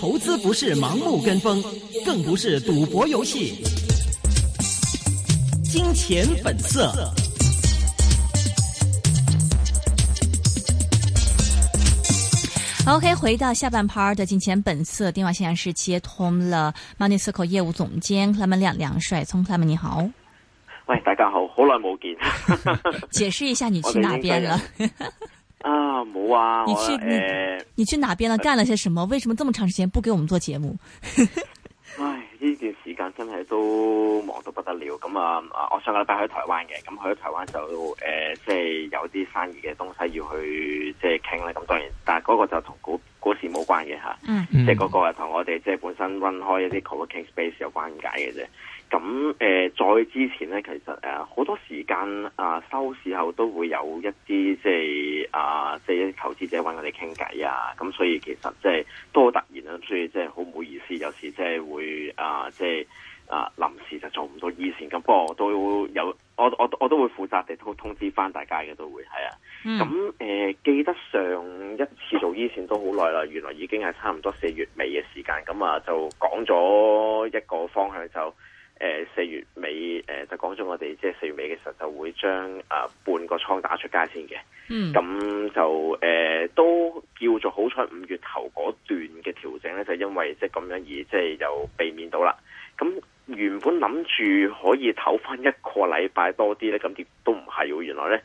投資不是盲目跟風，更不是賭博遊戲。金錢本色。金錢本色。OK，回到下半 part 的金錢本色，電話線現在是接通了 Money Circle 業務總監 Clement 梁帥聰，Clement 你好。喂，大家好，好耐冇見。 解釋一下你去哪邊了？ 啊，冇啊！你去你、呃、你去哪邊啦？幹了些什麼、呃？為什麼這麼長時間不給我們做節目？ 唉，呢段時間真係都忙到不得了。咁啊，我上個禮拜喺台灣嘅，咁去台灣就誒，即、呃、係、就是、有啲生意嘅東西要去即係傾啦。咁、就是、當然，但係嗰個就同股。股市冇關嘅吓，啊 mm. 即係嗰個係同我哋即係本身 run 開一啲 co-working space 有關解嘅啫。咁誒，呃、再之前咧，其實誒好、啊、多時間啊收市後都會有一啲即係啊，即係投資者揾我哋傾偈啊。咁所以其實即係都好突然啦、啊，所以即係好唔好意思，有時即係會啊，即係。啊！臨時就做唔到醫線咁，不過我都有我我我都會負責地通知翻大家嘅，都會係啊。咁、嗯、誒、呃，記得上一次做醫線都好耐啦，原來已經係差唔多四月尾嘅時間，咁啊就講咗一個方向就。誒、呃，四月尾誒、呃，就講咗我哋即係四月尾嘅時候就會將啊、呃、半個倉打出街先嘅，咁、嗯、就誒、呃、都叫做好彩五月頭嗰段嘅調整咧，就因為即係咁樣而即係又避免到啦。咁原本諗住可以唞翻一個禮拜多啲咧，咁亦都唔係，原來咧。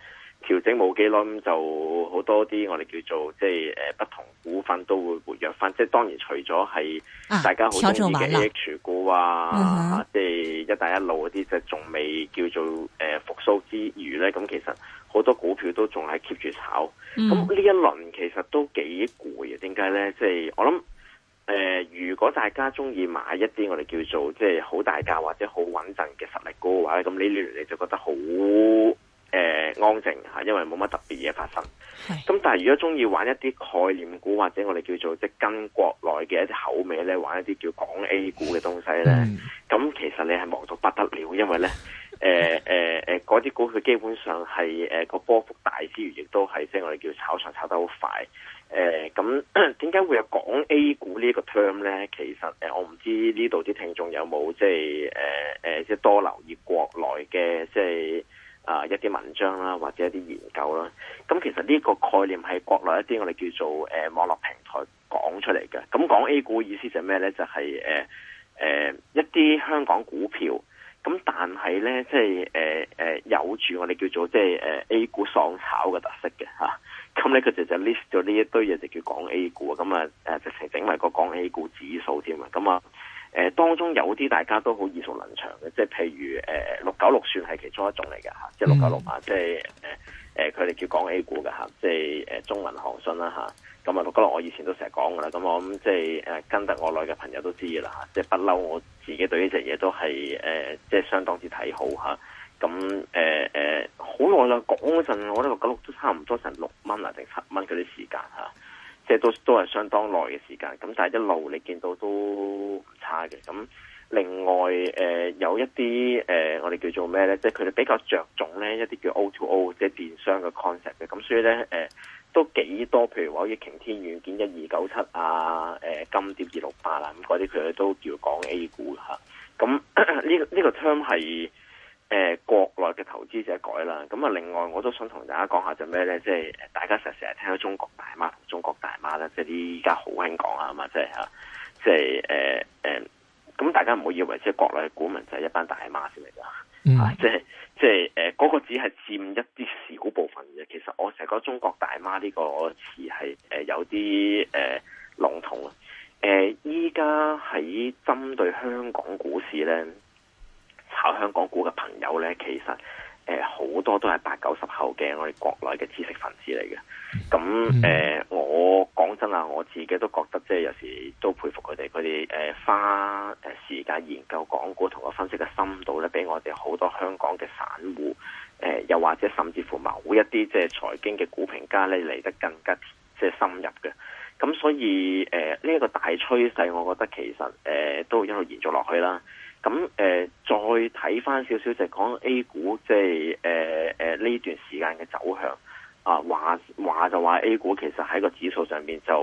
調整冇幾耐咁就好多啲，我哋叫做即係誒、呃，不同股份都會活躍翻。即係當然除咗係大家好中意嘅 AH 股啊，即、啊、係、啊、一帶一路嗰啲，就仲未叫做誒復甦之餘咧。咁其實好多股票都仲係 keep 住炒。咁、嗯、呢一輪其實都幾攰啊。點解咧？即係我諗誒、呃，如果大家中意買一啲我哋叫做即係好大價或者好穩陣嘅實力股嘅話咧，咁呢輪你來來就覺得好。安靜吓，因為冇乜特別嘢發生。咁但係如果中意玩一啲概念股或者我哋叫做即係跟國內嘅一啲口味咧，玩一啲叫港 A 股嘅東西咧，咁、嗯、其實你係忙到不得了，因為咧，誒誒誒，嗰、呃、啲股佢基本上係誒個波幅大之餘，亦都係即係我哋叫炒上炒得好快。誒、呃，咁點解會有港 A 股這個呢個 term 咧？其實誒、呃，我唔知呢度啲聽眾有冇即係誒誒，即係、呃、多留意國內嘅即係。啊，一啲文章啦，或者一啲研究啦，咁其實呢個概念係國內一啲我哋叫做誒、呃、網絡平台講出嚟嘅，咁講 A 股意思就咩呢？就係誒誒一啲香港股票，咁但係呢，即係誒誒有住我哋叫做即係誒、呃、A 股喪炒嘅特色嘅吓，咁呢佢就就 list 咗呢一堆嘢就叫講 A 股，咁啊誒直情整埋個講 A 股指數添啊，咁、嗯、啊。嗯誒當中有啲大家都好耳熟能詳嘅，即係譬如誒六九六算係其中一種嚟嘅，即係六九六啊，即係誒佢哋叫港 A 股嘅嚇，即係、呃、中文航信啦咁啊，六九六、嗯、我以前都成日講㗎啦。咁、嗯呃、我咁即係跟得我耐嘅朋友都知啦、啊、即係不嬲我自己對呢隻嘢都係、呃、即係相當之睇好咁，誒好耐啦講嗰陣，我覺得六九六都差唔多成六蚊啦定七蚊嗰啲時間、啊即係都都係相當耐嘅時間，咁但係一路你見到都唔差嘅。咁另外誒、呃、有一啲誒、呃、我哋叫做咩咧？即係佢哋比較着重咧一啲叫 O to O 即係電商嘅 concept 嘅。咁所以咧誒、呃、都幾多，譬如話依擎天軟件一二九七啊，呃、金蝶二六八啦，咁嗰啲佢哋都叫講 A 股吓。咁呢個呢、呢個 term 係。誒，國內嘅投資者改啦，咁啊，另外我都想同大家講下就咩咧即係大家成日聽到中國大媽中國大媽呢，即係啲而家好興講啊嘛，即係吓，即係誒誒，咁大家唔好以為即係國內嘅股民就係一班大媽先嚟噶，即係即係誒，嗰個只係佔一啲小部分嘅，其實我成日覺得中國大媽呢個詞係誒有啲誒籠統啊，誒，依家喺針對香港股市咧，買香港股嘅朋友呢，其實誒好、呃、多都係八九十後嘅我哋國內嘅知識分子嚟嘅。咁誒、呃，我，我講真啊，我自己都覺得即係、呃、有時都佩服佢哋，佢哋誒花誒、呃、時間研究港股同我分析嘅深度呢，比我哋好多香港嘅散戶誒、呃，又或者甚至乎某一啲即係財經嘅股評家呢，嚟得更加即係深入嘅。咁所以誒呢一個大趨勢，我覺得其實誒、呃、都一路延續落去啦。咁誒、呃，再睇翻少少就講 A 股，即係誒誒呢段時間嘅走向啊，話話就話 A 股其實喺個指數上邊就誒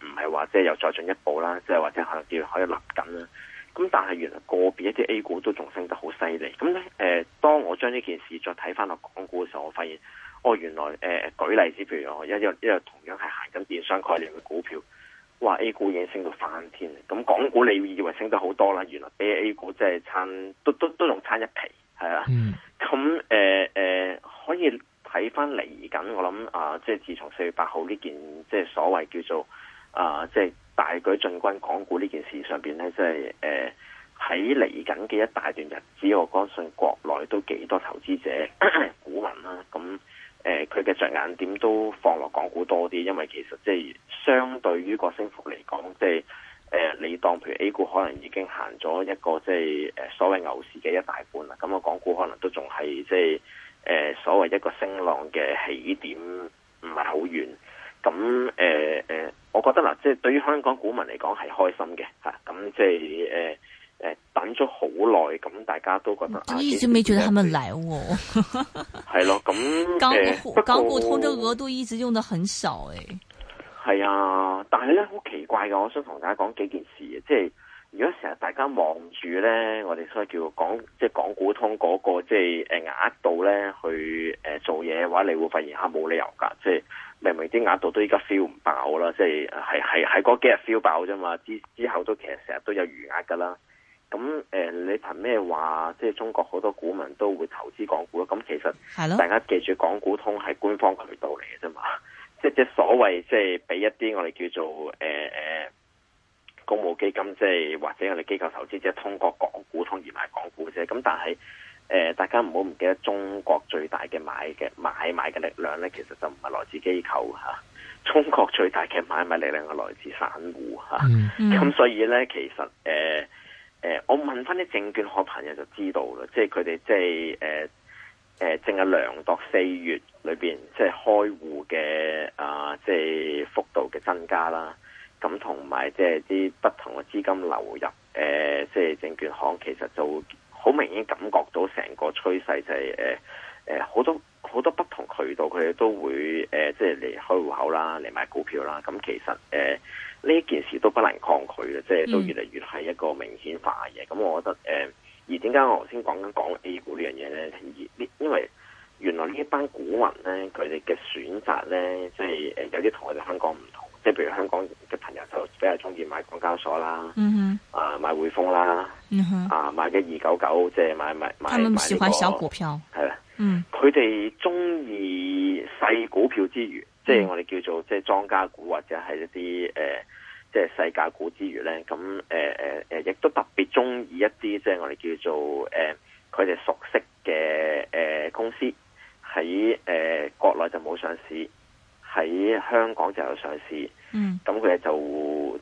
唔係話即係又再進一步啦，即、就、係、是、或者可能叫可以立緊啦。咁但係原來個別一啲 A 股都仲升得好犀利。咁咧誒，當我將呢件事再睇翻落港股嘅時候，我發現哦原來誒、呃、舉例子，譬如我一入一入同樣係行緊電商概念嘅股票。話 A 股已經升到翻天，咁港股你以為升得好多啦？原來比 A 股即係差，都都都仲差一皮，係啊。咁誒誒，可以睇翻嚟緊，我諗啊、呃，即係自從四月八號呢件即係所謂叫做啊、呃，即係大舉進軍港股呢件事上邊咧，即係誒喺嚟緊嘅一大段日子，我相信國內都幾多投資者股民啦，咁。誒、呃，佢嘅着眼點都放落港股多啲，因為其實即係相對於個升幅嚟講，即係誒、呃，你當譬如 A 股可能已經行咗一個即係誒所謂牛市嘅一大半啦，咁啊港股可能都仲係即係誒、呃、所謂一個升浪嘅起點不是很，唔係好遠。咁誒誒，我覺得啦，即係對於香港股民嚟講係開心嘅吓，咁、啊、即係誒。呃誒、呃，等咗好耐，咁大家都覺得，我一直未覺得他乜禮我，係 咯， 咁港股港股通嘅額度一直用得很少誒。係啊，但係咧好奇怪嘅，我想同大家講幾件事嘅，即係如果成日大家望住咧，我哋所謂叫港即係港股通嗰，那個即係誒額度咧去誒做嘢嘅話，你會發現下冇理由噶，即係明明啲額度都依家 feel 唔爆啦，即係係係喺嗰幾日 feel 爆啫嘛，之之後都其實成日都有餘額噶啦。咁誒、呃，你憑咩話即係中國好多股民都會投資港股咧？咁其實大家記住，港股通係官方渠道嚟嘅啫嘛。即係即係所謂即係俾一啲我哋叫做誒誒、呃，公募基金即係或者我哋機構投資者通過港股通而買港股啫。咁但係誒、呃，大家唔好唔記得，中國最大嘅買嘅買賣嘅力量咧，其實就唔係來自機構吓、啊。中國最大嘅買賣力量係來自散戶吓。咁、啊嗯嗯、所以咧，其實誒。呃誒，我問翻啲證券行朋友就知道啦，即係佢哋即係誒誒，淨、呃、係、呃、量度四月裏邊即係開戶嘅啊、呃，即係幅度嘅增加啦，咁同埋即係啲不同嘅資金流入，誒、呃，即係證券行其實就好明顯感覺到成個趨勢就係誒誒好多。好多不同渠道，佢哋都會誒、呃，即係嚟開戶口啦，嚟買股票啦。咁其實誒呢、呃、一件事都不能抗拒嘅，即係都越嚟越係一個明顯化嘅。咁、嗯、我覺得誒、呃，而點解我頭先講緊講 A 股這件事呢樣嘢咧？呢因為原來這一呢一班股民咧，佢哋嘅選擇咧，即係誒有啲同我哋香港唔同，即係譬如香港嘅朋友就比較中意買港交所、嗯啊、啦，嗯啊買匯豐啦，啊買嘅二九九，即係買買買。他們喜歡小股票。係啦、這個。嗯，佢哋中意細股票之餘，即、嗯、係、就是、我哋叫做即係莊家股或者係一啲誒，即係細價股之餘咧，咁誒誒誒，亦、呃呃、都特別中意一啲即係我哋叫做誒，佢、呃、哋熟悉嘅誒、呃、公司喺誒、呃、國內就冇上市，喺香港就有上市。嗯，咁佢哋就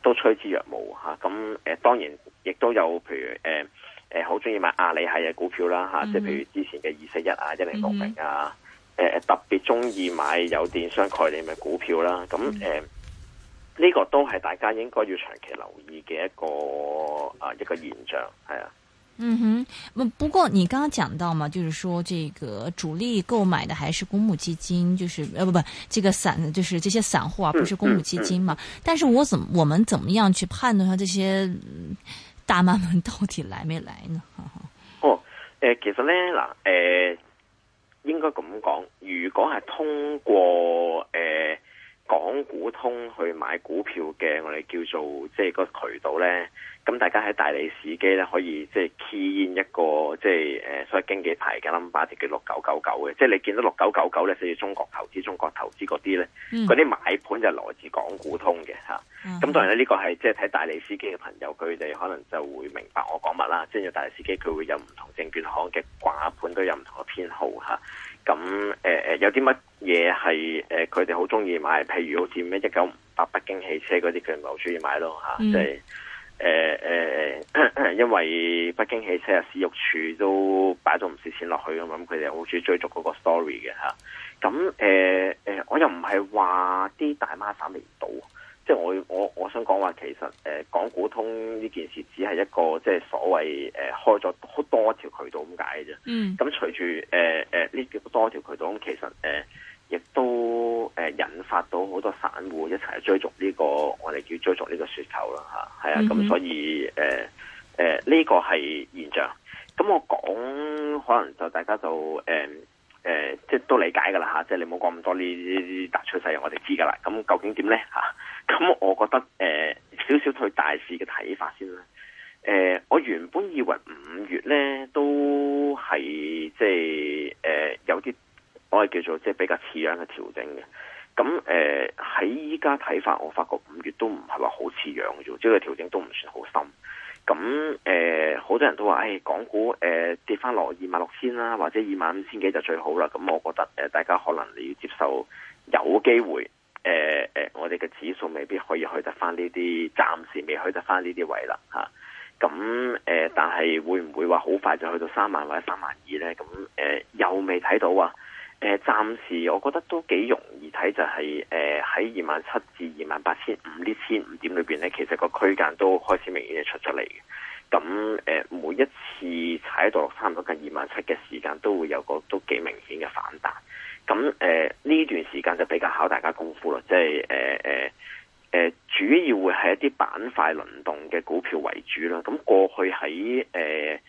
都趨之若鶩吓。咁、啊、誒、呃，當然亦都有譬如誒。呃誒，好中意買阿里系嘅股票啦吓，即、嗯、係譬如之前嘅二四一啊，一零六零啊、嗯，誒，特別中意買有電商概念嘅股票啦。咁、嗯、誒，呢、這個都係大家應該要長期留意嘅一個啊，一個現象係啊。嗯哼，不過你剛剛講到嘛，就是說這個主力購買的還是公募基金，就是誒，不、呃、不，這個散，就是這些散戶啊，不是公募基金嘛，嗯嗯？但是我怎麼，我們怎麼樣去判斷它這些？呃大媽們到底嚟未嚟呢？哦，誒、呃，其實呢，嗱，誒，應該咁講，如果係通過誒。呃港股通去買股票嘅，我哋叫做即係、就是、個渠道呢。咁大家喺大利市機呢，可以即係 key in 一個即係誒所謂經紀牌嘅 number，即叫六九九九嘅。即、就、係、是、你見到六九九九呢，涉、就、及、是、中國投資、中國投資嗰啲呢。嗰、嗯、啲買盤就來自港股通嘅吓。咁、嗯啊、當然呢，呢個係即係睇大利市機嘅朋友，佢哋可能就會明白我講乜啦。即、就、係、是、大利市機佢會有唔同證券行嘅掛盤都有唔同嘅偏好吓。啊。.咁誒、呃、有啲乜嘢係誒佢哋好中意買，譬如好似咩一九五八北京汽車嗰啲，佢哋好中意買咯嚇，即係，嗯就是呃，因為北京汽車啊，史玉柱都擺咗唔少錢落去咁，佢哋好中意追逐嗰個 story 嘅。咁誒誒，我又唔係話啲大媽反未到，即係我我我想講話、呃就是呃嗯呃呃，其實誒港股通呢件事只係一個即係所謂誒開咗好多條渠道咁解嘅啫。嗯、呃。咁隨住誒誒呢個多條渠道，咁其實誒亦都誒引發到好多散戶一齊追逐呢、這個我哋叫追逐呢個雪球啦吓。係啊。咁、啊、所以誒誒呢個係現象。咁我講可能就大家就誒。呃誒、呃，即係都理解噶啦吓，即係你冇講咁多呢啲大趨勢，我哋知噶啦。咁究竟點呢？吓、啊？咁我覺得誒，少少對大市嘅睇法先啦。誒、呃，我原本以為五月呢都係即係誒、呃、有啲我係叫做即係比較似樣嘅調整嘅。咁誒喺依家睇法，我發覺五月都唔係話好似樣嘅啫，即係個調整都唔算好深。咁誒，好、呃、多人都話，誒、哎，港股誒、呃、跌翻落二萬六千啦，或者二萬五千幾就最好啦。咁我覺得、呃、大家可能你要接受有機會，誒、呃呃、我哋嘅指數未必可以去得翻呢啲，暫時未去得翻呢啲位啦，咁、啊、誒、呃，但係會唔會話好快就去到三萬或者三萬二咧？咁誒、呃，又未睇到啊！誒、呃，暫時我覺得都幾容易睇，就係誒喺二萬七至二萬八千五呢千五點裏邊咧，其實個區間都開始明顯嘅出出嚟嘅。咁誒、呃，每一次踩到落差唔多近二萬七嘅時間，都會有個都幾明顯嘅反彈。咁誒呢段時間就比較考大家功夫啦，即係誒誒誒，主要會係一啲板塊輪動嘅股票為主啦。咁過去喺誒。呃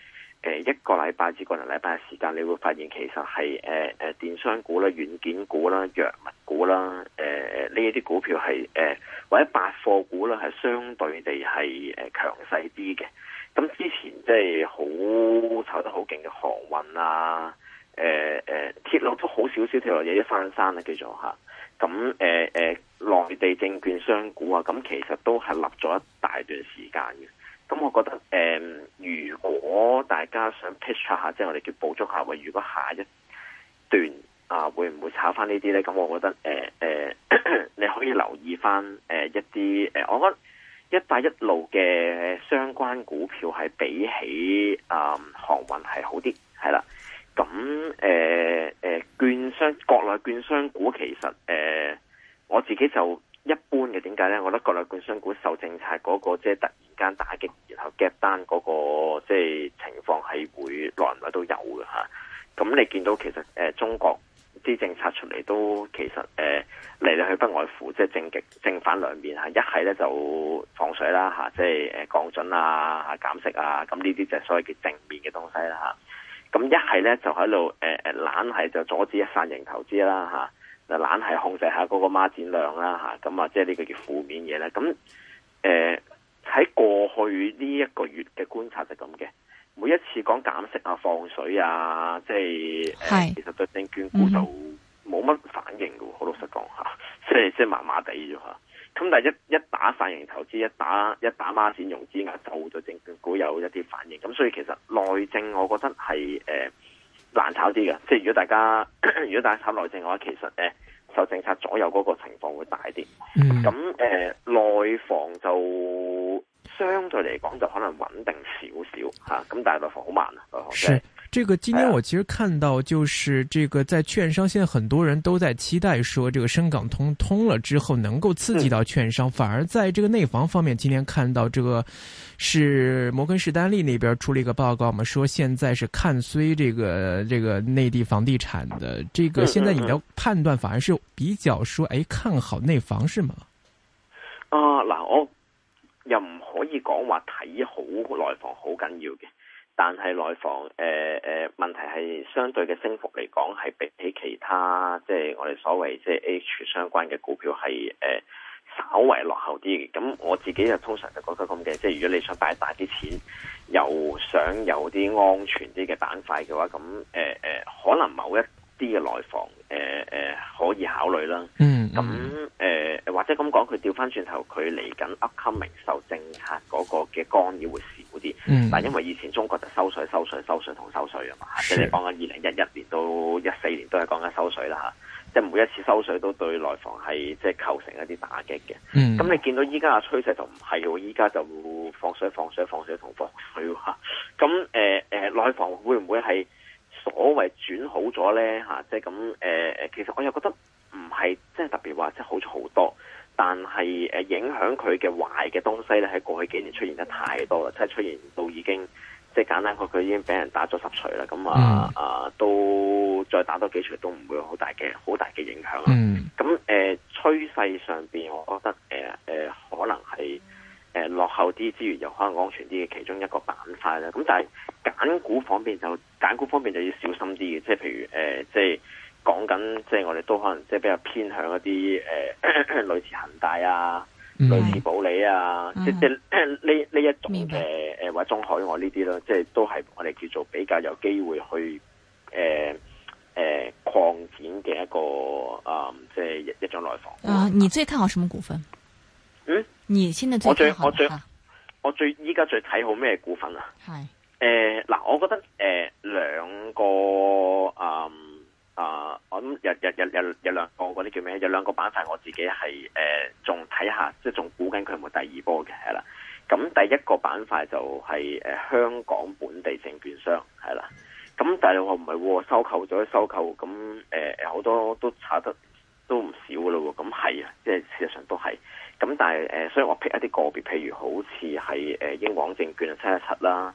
誒，一個禮拜至個零禮拜嘅時間，你會發現其實係誒誒電商股啦、軟件股啦、藥物股啦，誒誒呢一啲股票係誒或者百貨股啦，係相對地係誒強勢啲嘅。咁之前即係好炒得好勁嘅航運啊，誒誒鐵路都好少少條嘢，一翻山啊，叫做吓。咁誒誒內地證券商股啊，咁其實都係立咗一大段時間嘅。咁我覺得、呃、如果大家想 pitch 下，即、就、係、是、我哋叫捕捉下，如果下一段啊，會唔會炒翻呢啲咧？咁我覺得、呃呃、你可以留意翻一啲、呃呃、我覺得一帶一路嘅相關股票係比起啊航、呃、運係好啲，係啦。咁誒券商國內券商股其實、呃、我自己就。一般嘅點解呢？我覺得國內券商股受政策嗰，那個即係突然間打擊，然後 gap 單嗰個即係情況係會耐唔耐都有嘅嚇。咁、啊、你見到其實誒、呃、中國啲政策出嚟都其實誒嚟嚟去不外乎即係正極正反兩面，係、啊、一係呢就放水啦嚇、啊，即係降準啊、減息啊，咁呢啲就係所謂嘅正面嘅東西啦嚇。咁、啊、一係呢，就喺度誒誒懶係就阻止一散型投資啦嚇。啊就懶係控制下嗰個孖展量啦吓，咁啊，即係呢個叫負面嘢啦。咁誒喺過去呢一個月嘅觀察就咁嘅，每一次講減息啊、放水啊，即係誒，其實對證券股就冇乜反應嘅，好、mm -hmm. 老實講吓，即係即係麻麻地咗吓。咁但係一一打散型投資，一打一打孖展融資額就，對證券股有一啲反應。咁所以其實內政，我覺得係誒。呃難炒啲嘅，即係如果大家如果大家炒內政嘅話，其實咧受政策左右嗰個情況會大啲。嗯。咁誒內房就相對嚟講就可能穩定少少吓，咁但係內房好慢啊，內房即係。這個今天我其實看到，就是這個在券商，現在很多人都在期待說，這個深港通通了之後能夠刺激到券商。反而在這個內房方面，今天看到這個是摩根士丹利那邊出了一個報告嘛，說現在是看衰這個這個內地房地產的。這個現在你的判斷反而是比較說，哎，看好內房是嗎？啊，嗱，我又唔可以講話睇好內房的，好緊要嘅。但係內房，誒、呃、誒，問題係相對嘅升幅嚟講係比起其他，即係我哋所謂即係 H 相關嘅股票係誒、呃、稍為落後啲嘅。咁我自己就通常就覺得咁嘅，即係如果你想擺大啲錢，又想有啲安全啲嘅板塊嘅話，咁誒誒，可能某一啲嘅內房、呃呃，可以考慮啦。嗯，咁誒、呃、或者咁講，佢調翻轉頭，佢嚟緊 upcoming 受政策嗰個嘅干擾會少啲、嗯。但因為以前中國就收水、收水、收水同收水啊嘛，即係你講緊二零一一年到一四年都係講緊收水啦。即係每一次收水都對內房係即係構成一啲打擊嘅。咁、嗯、你見到依家嘅趨勢就唔係喎，依家就放水、放水、放水同放水喎。咁 誒、呃呃、內房。咧、啊、吓，即係咁誒，其實我又覺得唔係，即係特別話，即係好咗好多。但係誒，影響佢嘅壞嘅東西咧，喺過去幾年出現得太多啦，即係出現到已經，即係簡單講，佢已經俾人打咗十錘啦。咁啊、mm. 啊，都再打多幾錘，都唔會有好大嘅好大嘅影響。啦、mm.，咁、呃、誒，趨勢上邊，我覺得誒誒、呃呃，可能係誒、呃、落後啲之餘，又可能安全啲嘅其中一個。偏向一啲誒，類似恒大啊、嗯，類似保利啊，即即呢呢一種嘅誒，或者中海外呢啲咯，即係都係我哋叫做比較有機會去誒誒擴展嘅一個啊，即係一種內房。啊，你最看好什麼股份？嗯，你現在最看的我最我最我最依家最睇好咩股份啊？係、欸、誒，嗱、欸，我覺得誒兩、呃、個啊。嗯啊、uh！我諗有有有有有兩個嗰啲叫咩？有兩個板塊，我自己係誒仲睇下，即係仲估緊佢有冇第二波嘅係啦。咁第一個板塊就係、是、誒、呃、香港本地證券商係啦。咁但係我唔係喎，收購咗收購，咁誒好多都查得都唔少嘅咯。咁係啊，即係事實上都係。咁但係誒、呃，所以我 pick 一啲個別，譬如好似係誒英皇證券七一七啦。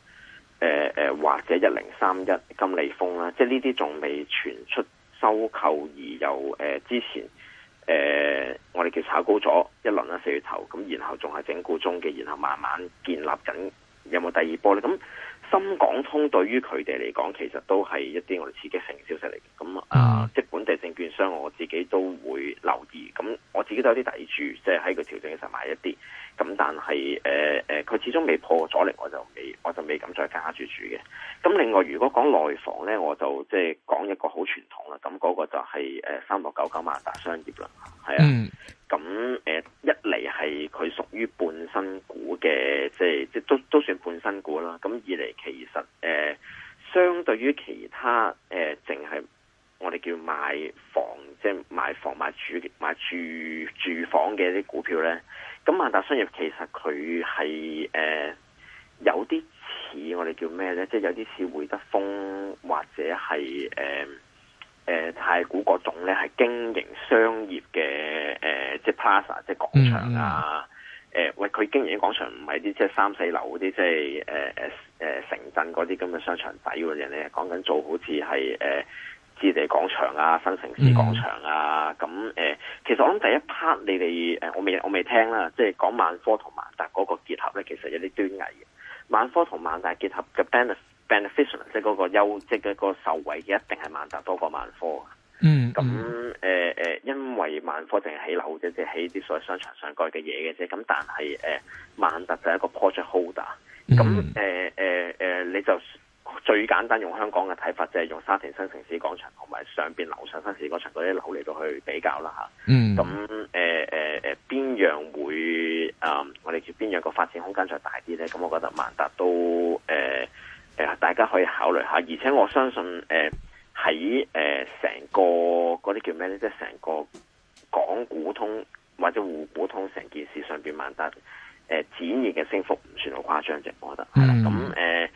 誒、呃、誒，或者一零三一金利豐啦，即係呢啲仲未傳出收購而又誒、呃、之前誒、呃，我哋叫炒高咗一輪啦，四月頭咁，然後仲係整固中嘅，然後慢慢建立緊有冇第二波咧？咁深港通對於佢哋嚟講，其實都係一啲我哋刺激性消息嚟嘅。咁啊、嗯，即係本地證券商，我自己都會留意。咁我自己都有啲抵住，即係喺個調整嘅時候買一啲。咁但係誒誒，佢、呃、始終未破咗嚟，我就未我就未敢再加住住嘅。咁另外如果講內房咧，我就即係講一個好傳統啦。咁、那、嗰個就係、是、誒、呃、三六九九萬達商業啦，係啊。咁、嗯、誒、嗯、一嚟係佢屬於半新股嘅，即係即都都算半新股啦。咁二嚟其實誒、呃，相對於其他誒，淨、呃、係我哋叫賣房，即係買房買，買住買住住房嘅啲股票咧。咁萬達商業其實佢係誒有啲似我哋叫咩咧、就是呃呃呃？即係有啲似會德豐或者係誒誒太古嗰種咧，係經營商業嘅誒，即係 plaza 啊，即係廣場啊。誒、mm-hmm. 呃，喂，佢經營啲廣場唔係啲即係三四樓嗰啲，即係誒誒誒，城鎮嗰啲咁嘅商場底嗰啲人咧，講緊做好似係誒。置地廣場啊，新城市廣場啊，咁、嗯、誒、嗯嗯嗯，其實我諗第一 part 你哋誒，我未我未聽啦，即係講萬科同萬達嗰個結合咧，其實有啲端倪嘅。萬科同萬達結合嘅 beneficial 即係嗰個優，即係嗰個受惠嘅一定係萬達多過萬科啊。嗯，嗯，嗯，咁誒誒，因為萬科淨係起樓嘅，即係起啲所謂的商場上蓋嘅嘢嘅啫。咁但係誒，萬達就係一個 project holder 嗯嗯嗯嗯。咁誒誒誒，你、嗯、就。嗯最簡單用香港嘅睇法，就係用沙田新城市廣場同埋上邊樓上新市廣場嗰啲樓嚟到去比較啦嚇。嗯。咁誒誒誒，邊、呃呃、樣會啊、呃？我哋叫邊樣個發展空間再大啲咧？咁我覺得萬達都誒誒、呃呃，大家可以考慮下。而且我相信誒喺誒成個嗰啲叫咩咧？即係成個港股通或者滬股通成件事上邊，萬達誒展現嘅升幅唔算好誇張啫。我覺得。嗯。係。咁誒。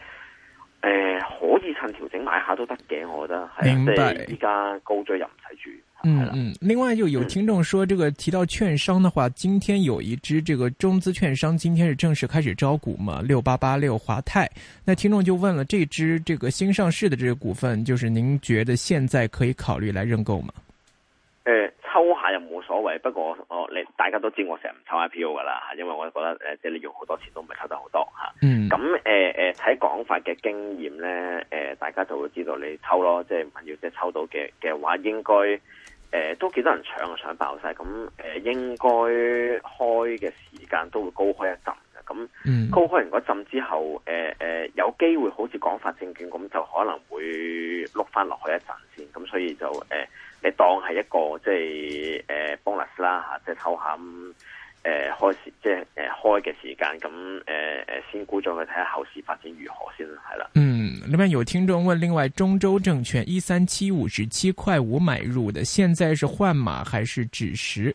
呃、可以趁調整買下都得嘅，我覺得係即係而家高咗又唔使住。嗯嗯，另外就有聽眾說，這個提到券商的話，嗯，今天有一隻這個中資券商，今天是正式開始招股嘛？六八八六華泰。那聽眾就問了，這隻這個新上市的這個股份，就是您覺得現在可以考慮來認購嗎？呃又冇所謂，不過我你大家都知道我成日唔抽 IPO 噶啦，吓，因為我覺得誒、呃，即係你用好多錢都唔係抽得好多吓。咁誒誒，睇廣發嘅經驗咧，誒、呃，大家就會知道你抽咯，即係唔係要即係抽到嘅嘅話，應該誒、呃、都幾多人搶啊，搶爆晒。咁誒、呃，應該開嘅時間都會高開一陣嘅，咁、mm. 高開完嗰陣之後，誒、呃、誒、呃，有機會好似廣發證券咁，就可能會碌翻落去一陣先。咁所以就誒。呃當係一個即係誒 bonus 啦吓，就是呃，即係睇下咁誒開始即係誒開嘅時間，咁誒誒先估咗佢睇下後市發展如何先係啦。嗯，裏面有聽眾問，另外中州證券一三七五十七塊五買入嘅，現在是換馬還是止蝕？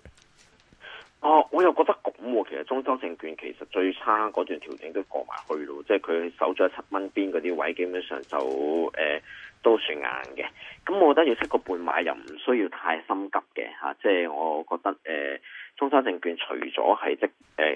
哦，我又覺得咁，哦，其實中州證券其實最差嗰段調整都過埋去咯，即係佢守咗七蚊邊嗰啲位，基本上就誒。呃都算硬嘅，咁我覺得要識個半買，又唔需要太心急嘅吓，即、啊、係、就是、我覺得誒。呃中州證券除咗係即係誒、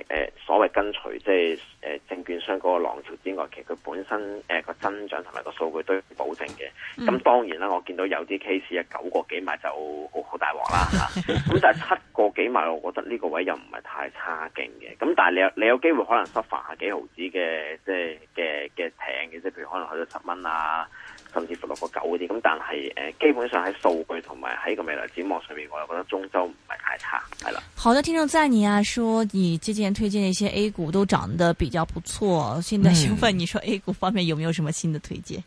呃呃、所謂跟隨即係誒、呃、證券商嗰個浪潮之外，其實佢本身誒個、呃、增長同埋個數據都保證嘅。咁、嗯、當然啦，我見到有啲 case 啊九個幾萬就好好大鑊啦嚇。咁但係七個幾埋，我覺得呢個位又唔係太差勁嘅。咁但係你有你有機會可能收發，幾毫子嘅即係嘅嘅平嘅，即係譬如可能去到十蚊啊，甚至乎落個九啲。咁但係基本上喺數據同埋喺個未來展望上面，我又覺得中州唔係太差，係啦。多聽眾讚你啊，說你最近推薦一些 A 股都漲得比較不錯。現在想問，你說 A 股方面有沒有什麼新的推薦？嗯、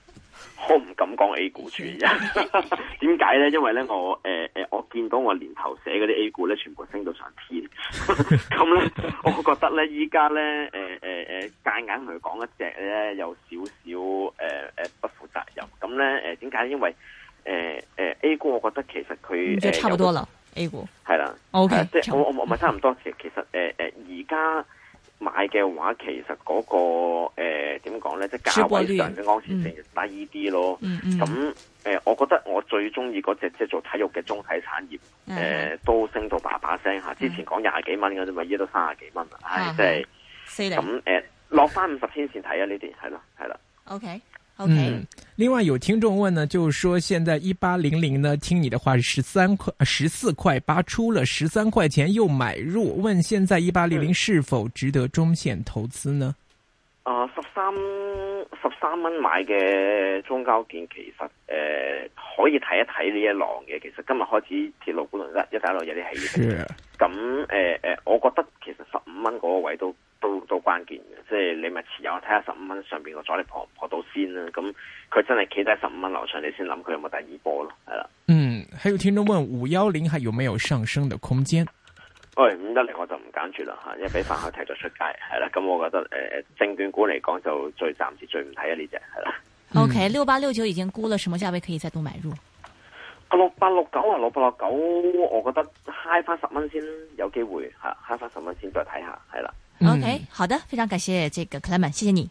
我唔敢講 A 股，點解咧？因為咧，我誒誒，我見到我年頭寫嗰啲 A 股咧，全部升到上天、 嗯。咁 咧、嗯，我覺得咧，依家咧，誒誒誒，硬硬同佢講一隻咧，有少少誒誒不負責任。咁咧，誒，點解？因為誒誒、呃呃、，A 股我覺得其實佢、嗯、就差不多了。呃 A 股係啦，OK、啊、即係我我我咪差唔多，其其實誒誒而家買嘅話，其實嗰、那個誒誒點講咧，即係價位上嘅安全性低啲咯。咁、嗯、誒、嗯呃，我覺得我最中意嗰隻即係做體育嘅中體產業，誒、呃、都升到叭叭聲吓，之前講廿幾蚊嘅啫嘛，依家都三十幾蚊，係即係。咁誒，落翻五十天線睇啊，呢啲係啦，係啦，OK。Okay. 嗯，另外有聽眾問呢，就是說現在一八零零呢，聽你的話是十三塊十四塊八，出了十三塊錢又買入，問現在一八零零是否值得中線投資呢？啊、嗯，十三十三蚊買嘅中交建，其實誒、呃、可以睇一睇呢一浪嘅，其實今日開始鐵路股輪得一打落有啲起勢，咁誒誒，我覺得其實十五蚊嗰個位都都都關鍵嘅，即係你咪持有睇下十五蚊上邊個阻力破。咁佢真係企低十五蚊樓上，你先諗佢有冇第二波咯，係啦。嗯，還有聽眾問五幺零還有沒有上升的空間？喂、嗯，五一零我就唔揀住啦吓，一俾反向踢咗出街，係 啦。咁、嗯、我覺得誒，證券股嚟講就最暫時最唔睇啊呢隻，係啦。O K，六八六九已經估了，什麼價位可以再度買入？六八六九啊，六八六九，我覺得嗨翻十蚊先有機會吓，嗨翻十蚊先再睇下，係啦。O、okay, K，、嗯、好的，非常感謝這個 Clayman，謝謝你。